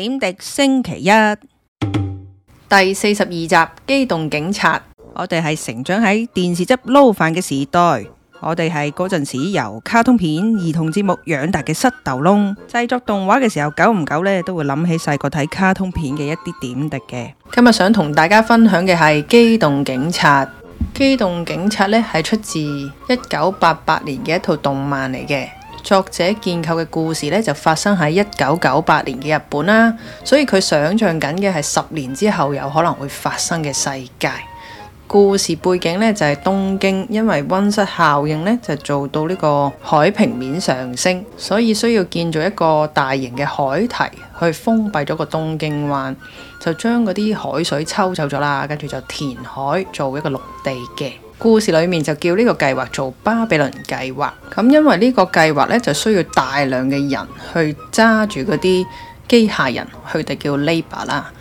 點滴星期一第四十二集《機動警察》， 我哋係成長喺電視汁撈飯嘅時代，我哋係嗰陣時由卡通片、兒童節目養大嘅膝頭窿。製作動畫嘅時候，久唔久咧都會諗起細個睇卡通片嘅一啲點滴嘅。今日想同大家分享嘅係《機動警察》，《機動警察》咧係出自一九八八年嘅一套動漫嚟嘅。作者建構嘅故事呢，就發生喺一九九八年嘅日本啦，所以佢想象緊嘅係十年之後有可能會發生嘅世界。故事背景呢，就係東京，因為溫室效應呢，就做到呢個海平面上升，所以需要建造一個大型嘅海堤去封閉咗個東京灣，就將嗰啲海水抽走咗啦，跟住就填海做一個陸地嘅。故事裏面就叫呢個計劃做巴比倫計劃咁，因為個計劃呢個計劃咧就需要大量嘅人去揸住嗰啲機械人，佢哋叫 labor 啦。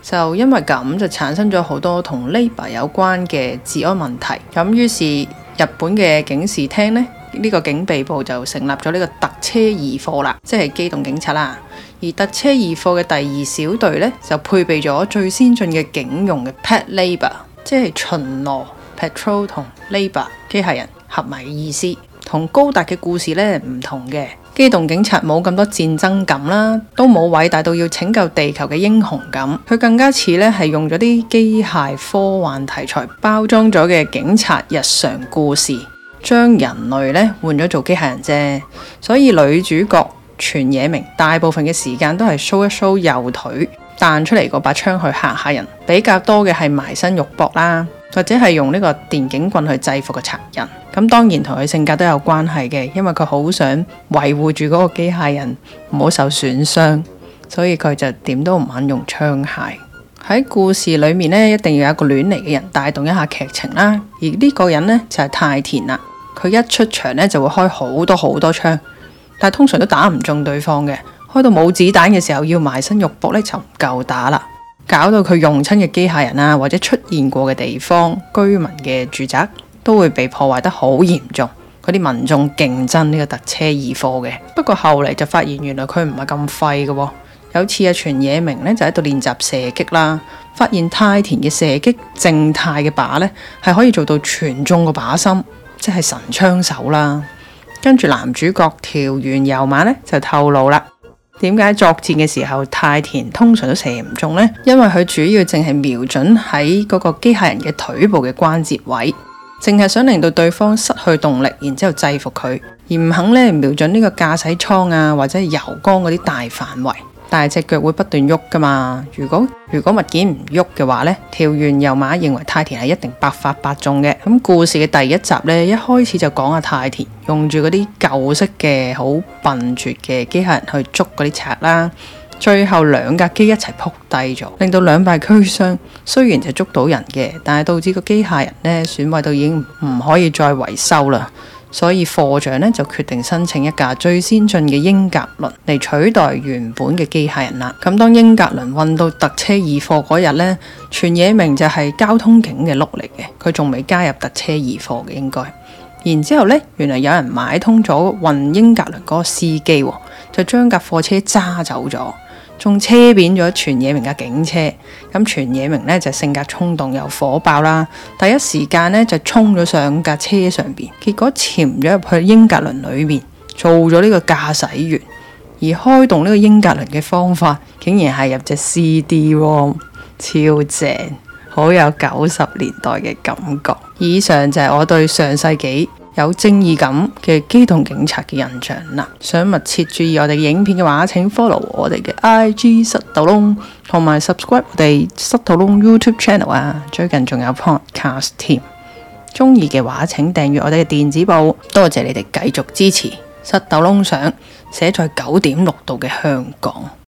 就因為咁就產生咗好多同 labor 有關嘅治安問題咁，於是日本嘅警視廳呢，呢、這個警備部就成立咗呢個特車二課啦，即係機動警察啦。而特車二課嘅第二小隊呢，就配備咗最先進嘅警用嘅 Pat Labor，即係巡邏。Patrol 同 Labour 機械人合埋嘅意思，同高達嘅故事咧唔同嘅。機動警察冇咁多戰爭感啦，都冇偉大到要拯救地球嘅英雄感。佢更加似咧係用咗啲機械科幻題材包裝咗嘅警察日常故事，將人類咧換咗做機械人啫。所以女主角全野明大部分嘅時間都係 show 一 show 右腿彈出嚟嗰把槍去嚇嚇人，比較多嘅係埋身肉搏啦。或者係用呢個電警棍去制服個賊人，咁當然同佢性格都有關係嘅，因為佢好想維護住嗰個機械人唔好受損傷，所以佢就點都唔肯用槍械。喺故事裏面呢，一定要有一個亂嚟嘅人帶動一下劇情啦，而呢個人呢，就係太田啦，佢一出場呢，就會開好多好多槍，但通常都打唔中對方嘅，開到冇子彈嘅時候要埋身肉搏呢，就唔夠打啦。搞到佢用親嘅機械人啊，或者出現過嘅地方居民嘅住宅都會被破壞得好嚴重。嗰啲民眾競爭呢，這個特車二貨嘅。不過後嚟就發現原來佢唔係咁廢嘅喎。有次阿、啊、全野明呢就喺度練習射擊啦，發現太田嘅射擊靜態嘅靶呢係可以做到全中個靶心，即係神槍手啦。跟住男主角條完遊馬呢就透露啦。點解作戰嘅時候，太田通常都射唔中呢？因為佢主要淨係瞄準喺嗰個機械人嘅腿部嘅關節位，淨係想令到對方失去動力，然之後制服佢，而唔肯呢瞄準呢個駕駛艙啊，或者係油缸嗰啲大範圍。但係隻腳會不斷喐噶嘛？如果如果物件唔喐嘅話呢，跳完油馬認為太田係一定百發百中嘅。咁故事嘅第一集呢，一開始就講啊，太田用住嗰啲舊式嘅好笨拙嘅機械人去捉嗰啲賊啦。最後兩架機一齊撲低咗，令到兩敗俱傷。雖然就捉到人嘅，但係導致個機械人呢，損壞到已經唔可以再維修啦。所以課長咧就決定申請一架最先進嘅英格倫嚟取代原本嘅機械人啦。咁當英格倫運到特車二課嗰日呢，全野明就係交通警嘅碌嚟嘅，佢仲未加入特車二課嘅應該。然之後咧，原來有人買通咗運英格倫嗰個司機，就將架貨車揸走咗。仲車扁咗全野明嘅警車，咁全野明呢就性格衝動又火爆啦。第一時間呢，就衝咗上架車上邊，結果潛咗入去英格倫裏面，做咗呢個駕駛員，而開動呢個英格倫嘅方法竟然係入隻 CD-ROM，超正，好有九十年代嘅感覺。以上就係我對上世紀有正義感嘅機動警察嘅印象啦。想密切注意我哋影片嘅話，請 follow 我哋嘅 IG 塞豆窿，同埋 subscribe 我哋塞豆窿 YouTube channel 啊。最近仲有 podcast 添，中意嘅話請訂閱我哋嘅電子報。多謝你哋繼續支持塞豆窿，相寫在九點六度嘅香港。